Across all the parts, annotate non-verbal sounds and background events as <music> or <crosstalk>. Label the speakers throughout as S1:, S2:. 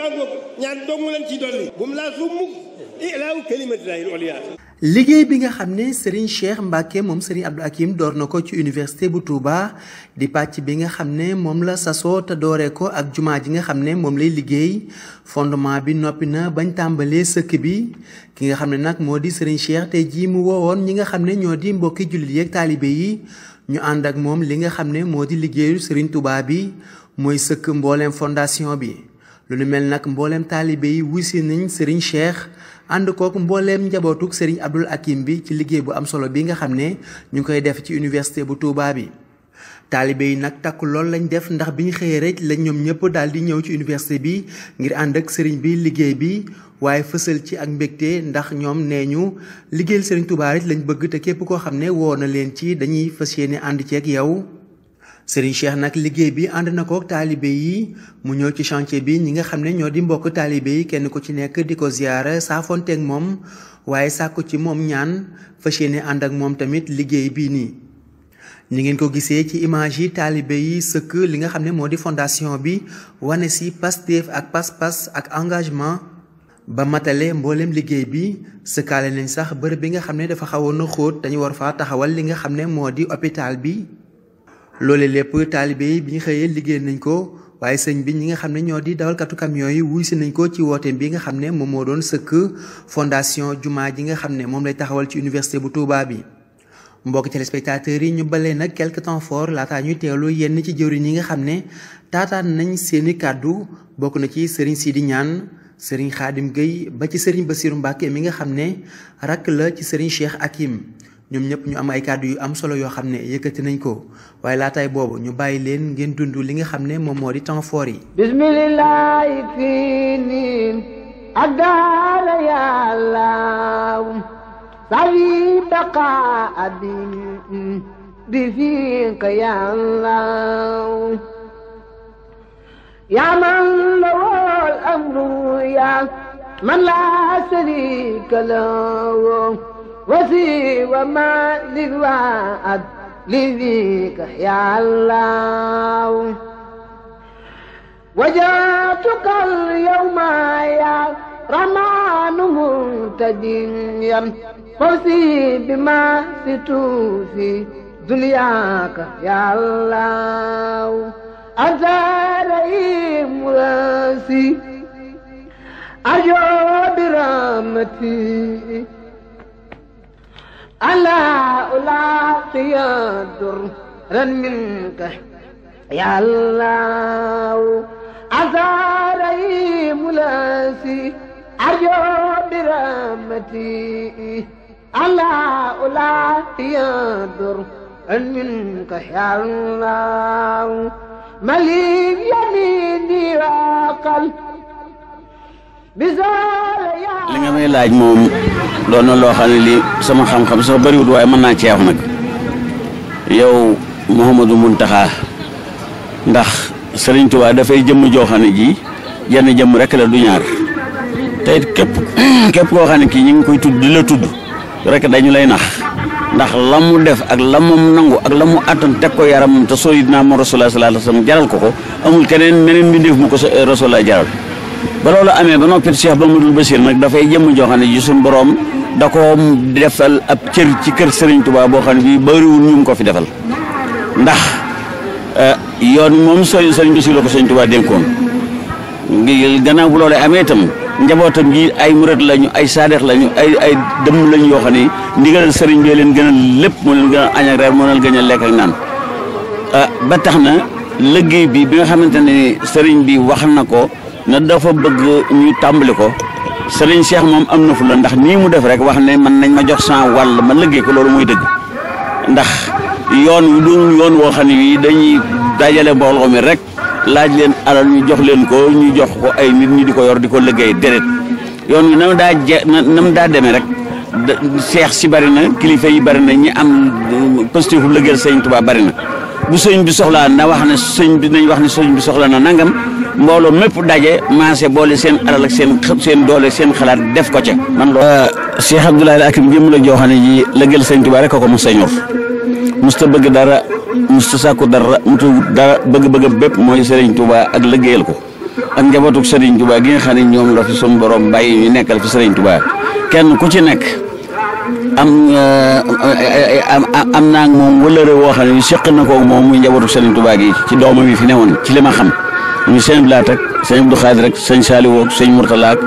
S1: baa ngoog
S2: liggéey bi nga xam ne Serigne Cheikh Mbacke moom Serigne Abdou Hakim door na ko ci université bu Touba di pàcc bi nga xam ne moom la sasoo te dooree ko ak jumaa ji nga xam ne moom lay liggéey fondement bi noppi na bañ tàmbalee sëkk bi ki nga xam ne nag moo di Serigne Cheikh tey jii mu woowoon ñi nga xam ne ñoo di mbokki jullit yeeg taalibe yi ñu ànd ak moom li nga xam ne moo di liggéeyu Serigne Touba bi mooy sëkk mboolem fondation bi. lu nu mel nag mboolem taalibe yi wusi nañ Serigne Cheikh ànd kook mbooleem njabootuk sëriñ Abdoul Hakim bi ci liggéey bu am solo bi nga xam ne ñu koy def ci université bu Touba bi taalibe yi nag takk lool lañu def ndax bi ñu xëyee rek lañ ñoom ñëpp daal ñëw ci université bi ngir ànd ak Serigne bi liggéey bi waaye fësal ci ak mbégte ndax ñoom nee ñu liggéeyal Serigne Touba rek lañ bëgg te képp koo xam ne woo na leen ci dañuy fas yéene ànd ci ak yow Serigne Cheikh nag liggéey bi ànd na ko taalibe yi mu ñëw ci chantier bi ñi nga xam ne ñoo di mbokk taalibe yi kenn ku ci nekk di ko ziyaara saafonteeg moom waaye sàkku ci moom ñaan fas yéene ànd ak moom tamit liggéey bii nii. ñi ngeen ko gisee ci image yi taalibe yi sëkk li nga xam ne moo di fondation bi wane si Pastef ak pas-pas ak engagement. ba matale mboolem liggéey bi sëkkaale nañ sax bërëb bi nga xam ne dafa xawoon na xóot dañu war faa taxawal li nga xam ne moo di hôpital bi loole lépp taalibe yi bi ñu xëyee liggéey nañ ko waaye sëñ bi ñi nga xam ne ñoo di dawalkatu camion yi wuy nañ ko ci wooteem bi nga xam ne moom moo doon sëkk fondation jumaa ji nga xam ne moom lay taxawal ci université bu Touba bi mbokk ci téléspectateurs yi ñu balee nag quelque temps fort laataa ñuy teewlu yenn ci jëwriñ yi nga xam ne taataan nañ seeni kàddu bokk na ci sëriñ Sidi Ñaan sëriñ Xaadim Gueye ba ci sëriñ basiiru Mbàkke mi nga xam ne rakk la ci sëriñ Cheikh Akim ñoom ñëpp ñu am ay kàddu yu am solo yoo xam ne yëkkati nañ ko waaye laataay boobu ñu bàyyi leen ngeen dund li nga xam ne moom moo di temps fort yi
S3: bismillaahi fii niin ak daala yàllaaw sawi baqaa abim bi fii ka yàllaaw yaa man lawol amru yaa man laa sariika law وفي وما للوعد لذيك يا الله وجاتك اليوم يا رمان منتديا فوسي بما ستوفي دنياك يا الله أنت رئيم راسي أجو برامتي
S2: ألا
S3: ألاقي درا منك يا الله أزاري ملاسي أرجو برحمتي ألا ألاقي درا منك يا الله مليك يميني وقلبي
S1: li nga may laaj moom loolu na loo xam ne lii sama xam-xam sax bëriwut waaye mën naa ceex nag yow Mouhamadou Mountakha ndax Serigne Touba dafay jëmm joo xam ne ji jenn jëmm rek la du ñaar képp <clears throat> képp koo xam ne kii ñu ngi koy tudd di la tudd rekk dañu lay nax ndax la mu def ak la mu nangu ak la mu attan teg ko yaram te sooy naa ma rasulullah sallallahu alayhi jaral ko ko amul keneen meneen mbindeef mu ko rasulullah jaral ba loolu amee ba noppi Cheikh ba Bassir nag dafay jëmm joo xam ne ji suñu borom da ko defal ab cër ci kër sëriñ Touba boo xam ne bii bëriwul ñu ko fi defal ndax eh, yoon moom Serigne Serigne Bassir la ko Serigne Touba dénkoon ngi gannaaw bu loolee amee itam njabootam ji ay murit lañu ay saadeex lañu ay ay dëmm lañu yoo xam ne ndigalal Serigne bi leen gën a lépp moo leen gën a añ ak reer moo leen gën a lekk naan eh, ba tax na liggéey bi bi nga xamante ne Serigne bi wax na ko. ne dafa bëgg ñu tàmbali ko Serigne Cheikh moom am na fu la ndax nii mu def rek wax ne man nañ ma jox san wàll ma liggéey ko loolu muy dëgg ndax yoon wi du yoon woo xam ne bii dañuy dajale mbooloo mi rek laaj leen alal ñu jox leen ko ñu jox ko ay nit ñi di ko yor di ko liggéey déedéet yoon wi nam daa je nam daa demee rek seex si bari na kilifa yi bari na ñi am euh, positif liggéeyal sëñ Tuubaa bari na bu sëñ bi soxlaa na wax ne sëñ bi nañ wax ne sëñ bi soxla na mbooloo mépp daje maase boole seen alal ak seen seen doole seen xalaat def ko ca. man loolu euh, Cheikh Abdoulaye Akim jëm la jooxane ji la gël sëñ Tuubaa rek ko mos a ñor musta bëgg dara musta sàkku dara musta dara bëgg-bëgg bépp mooy Serigne tubaa ak liggéeyal ko ak njabootu Serigne tubaa gi nga xam ne ñoom la fi suñu borom bàyyi ñu nekkal fi Serigne Touba kenn ku ci nekk am euh, am naa moom wala réew woo xam ne seq na ko moom muy njabootu Serigne Touba gi ci doomam yi fi newoon ci li ma xam. ñu sëñ Blaat ak sëñ Abdou Xaadir ak sëñ Saaliw ak sëñ Murtala ak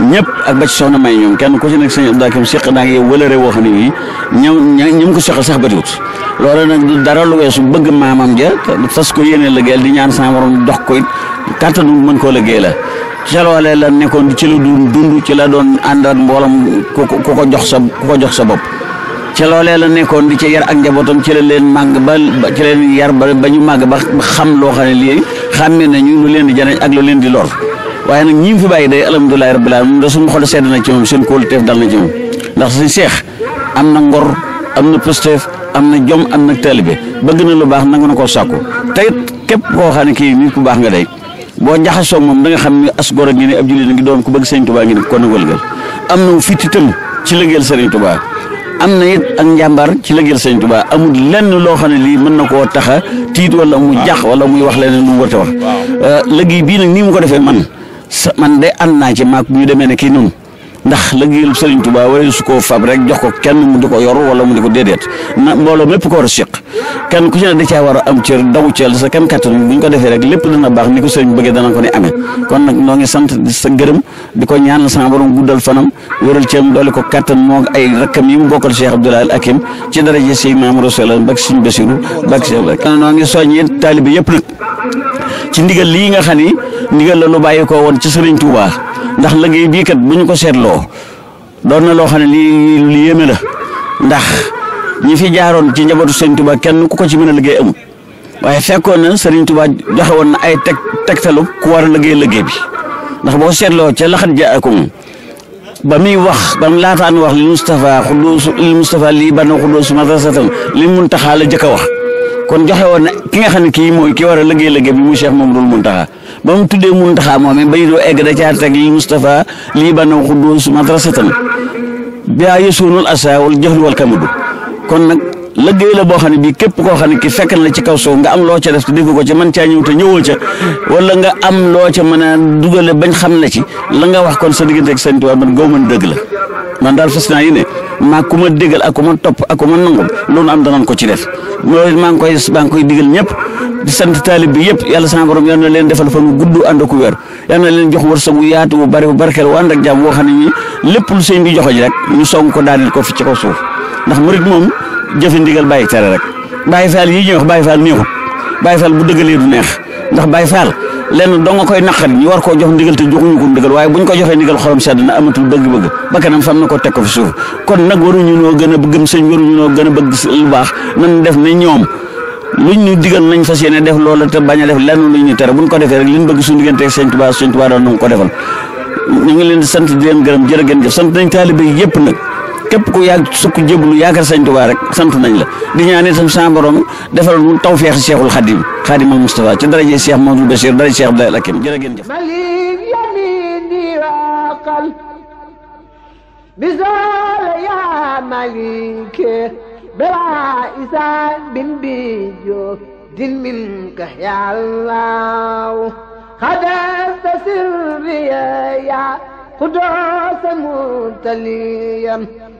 S1: ñëpp ak ba ci soxna May ñoom kenn ku ci nekk sëñ Abdou Hakim seq naa ngi wëlëre woo xam ne nii ñoom ñoom ko seqal sax bëriwut loolu nag du dara lu weesu bëgg maamam ja fas ko yéene liggéeyal di ñaan sama borom dox ko it kàttanu mën koo liggéey la ci loolee la nekkoon ci la doon dund ci la doon àndaat mboolam ku ko ko jox sa ku ko jox sa bopp ci loolee la nekkoon di ci yar ak njabootam ci la leen màgg ba ci leen yar ba ba ñu màgg ba xam loo xam ne lii xàmme nañu lu leen di jariñ ak lu leen di lor waaye nag ñi mu fi bàyyi day alhamdulilah rabbil alamin da suñu xol sedd na ci moom seen kóolu teef dal na ci moom ndax suñu seex am na ngor am na pësteef am na jom am na taalibe bëgg na lu baax nangu na koo sàkku te it képp koo xam ne kii nit ku baax nga day boo njaxasoo moom da nga xam ne as gor a ngi ne ab jullit ngi doon ku bëgg sëñ Tuubaa ngi ne ko nangal am na fitt itam ci liggéeyal sëriñ Tuubaa am na it ak njàmbaar ci la sëñ Tuubaa amul lenn loo xam ne lii mën na koo taxa tiit wala mu jax wala muy wax leneen lu mu wërte wax euh, lëggéey bii nag nii mu ko defee man sa man de ànd naa ci maak bu ñu demee ne kii noonu ndax liggéeyal Sëriñ Tuubaa waree su ko fab rek jox ko kenn mu di ko yor wala mu di ko déedéet na mbooloo mépp ko war a séq kenn ku ci ne da caa war a am cër daw cër sa kem kattan bu ñu ko defee rek lépp dana baax ni ko sëriñ bëggee dana ko ne amee ngi sant sa gërëm di ko ñaanal sama borom guddal fanam wéral cëram doole ko kattan moo ay rakkam yi mu bokkal Cheikh Abdoul Ahad Hakim ci daraje Sëriñ Maam Rasulullah bak Sëriñ Basiru bak Sëriñ noo ngi soññi taalibe yëpp nag ci ndigal lii nga xam ni ndigal la lu bàyyi ko woon ci Sëriñ Tuubaa ndax liggéey bii kat bu ñu ko seetloo doon na loo xam ne lii lu yéeme la ndax ñi fi jaaroon ci njabootu Serigne Touba kenn ku ko ci mën a liggéey amul waaye fekkoon na Serigne Touba joxe woon na ay teg tegtalu ku war a liggéey liggéey bi ndax boo seetloo ca laxat jaakum ba muy wax ba mu laataan wax li Moustapha xudduus li Moustapha lii ban xudduus madrasatam li Muntaxa la jëkk a wax. kon joxe woon na ki nga xam ne kii mooy ki war a liggéey liggéey bi mu Cheikh Mamadou Mountakha ba mu tuddee Mountakha moomee ba ñu egg da caa teg lii Moustapha lii Banoul Khoudoss madrasatan bihaa yasuunul asaawul jahlu wal kamadu kon nag lëggéey la boo xam ne bii képp koo xam ne ki fekk na la ci kaw suuf nga am loo ca def te defu ko ca man caa ñëw te ñëwoo ca wala nga am loo ca mën a dugale bañ xam ne ci lan nga wax kon sa diggante ak sëñ Tuubaa man gaw mën dëgg la man daal fas naa yi ne maa ku ma déggal ku ma topp ak ku ma nangam loolu am danañ ko ci def loolu maa ngi koy maa ngi koy digal ñëpp di sant taalib bi yëpp yàlla sama borom yal na leen defal fan gudd ànd ak wér yal na leen jox wërsëg wu yaatu bu bari bu barkeel wu ànd ak xam ne nii lépp lu sëñ bi joxe ji rek ñu song ko daaneel ko fi ci kaw suuf ndax murit moom jëfe ndigal bàyyi tere rek bàyyi faal yi ñuy wax bàyyi faal neexut bàyyi faal bu dëggalee du neex ndax bàyyi faal lenn doo nga koy naqari ñu war koo jox ndigal te joxuñu ko ndigal waaye buñ ko joxee ndigal xolam sedd na amatul bëgg-bëgg ba kanam fam na ko teg ko fi suuf kon nag waruñu noo gën a gëm sëñ waruñu noo gën a bëgg lu baax nan def ne ñoom luñ ñu digal nañ fas yéene def loola te bañ ñu tere buñ ko defee rek liñ bëgg suñu diggante ak sëñ Tuubaa sëñ Tuubaa doon na ko defal ñu ngi leen di sant di leen gërëm jërë jëf sant nañ taalibe yépp nag képp ku yàgg sukk jéblu yaakaar sañ Tuubaa rek nañ la di ñaan itam sa borom defal mu tawfeex si Seexul Xadim Xadimul Mustafa ci daraje Cheikh Mahmoud Bachir daraje Cheikh Abdoulaye Lakim jërë ngeen
S3: jëf بزول يا مليك بلا إسان بن بيجو دين منك يا الله خدست سري يا قدوس متليا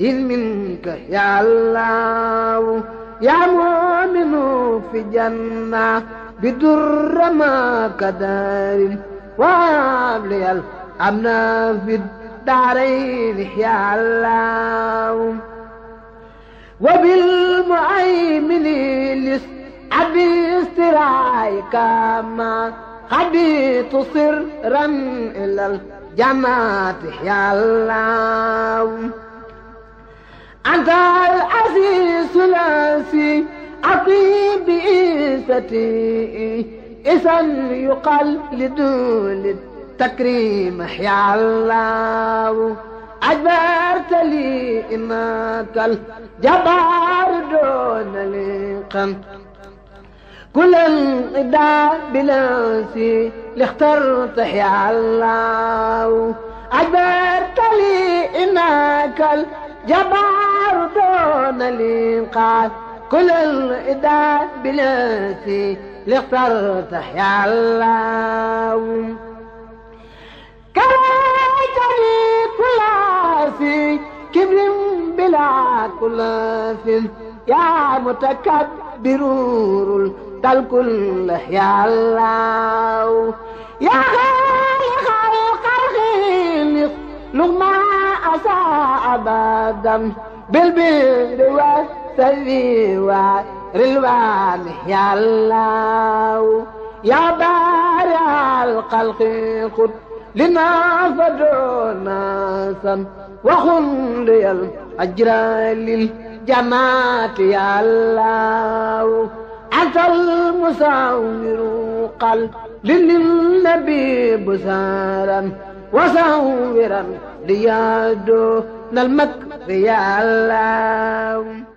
S3: إذ منك يا الله يا مؤمن في جنة بدر ما كدار وابلي الأمن في الدارين يا الله وبالمؤمن لس أبي استرايك ما خبيت سرا إلى الجماعة يا الله أنت العزيز الثلاثي أطيب بإيستي إذا يقال لدول التكريم يا الله أجبرت لي إمات الجبار دون لقم كل انقضاء بلاسي لاخترت يا الله أجبرت لي إنك الجبار الدار دون الإنقاذ كل الإداد بنفسي لاخترت يا الله كرهتني كل في كبر بلا كل في يا متكبر تل كل يا الله يا خالق الخلق لغما أساء أبدا بالبيد والسلي والرلوان يا الله يا بارع الخلق خذ لنا فدونا سم وخن لي الأجر للجنات يا الله أنت المساور قل للنبي بسارا وساورا ليادو nal mag te yàlla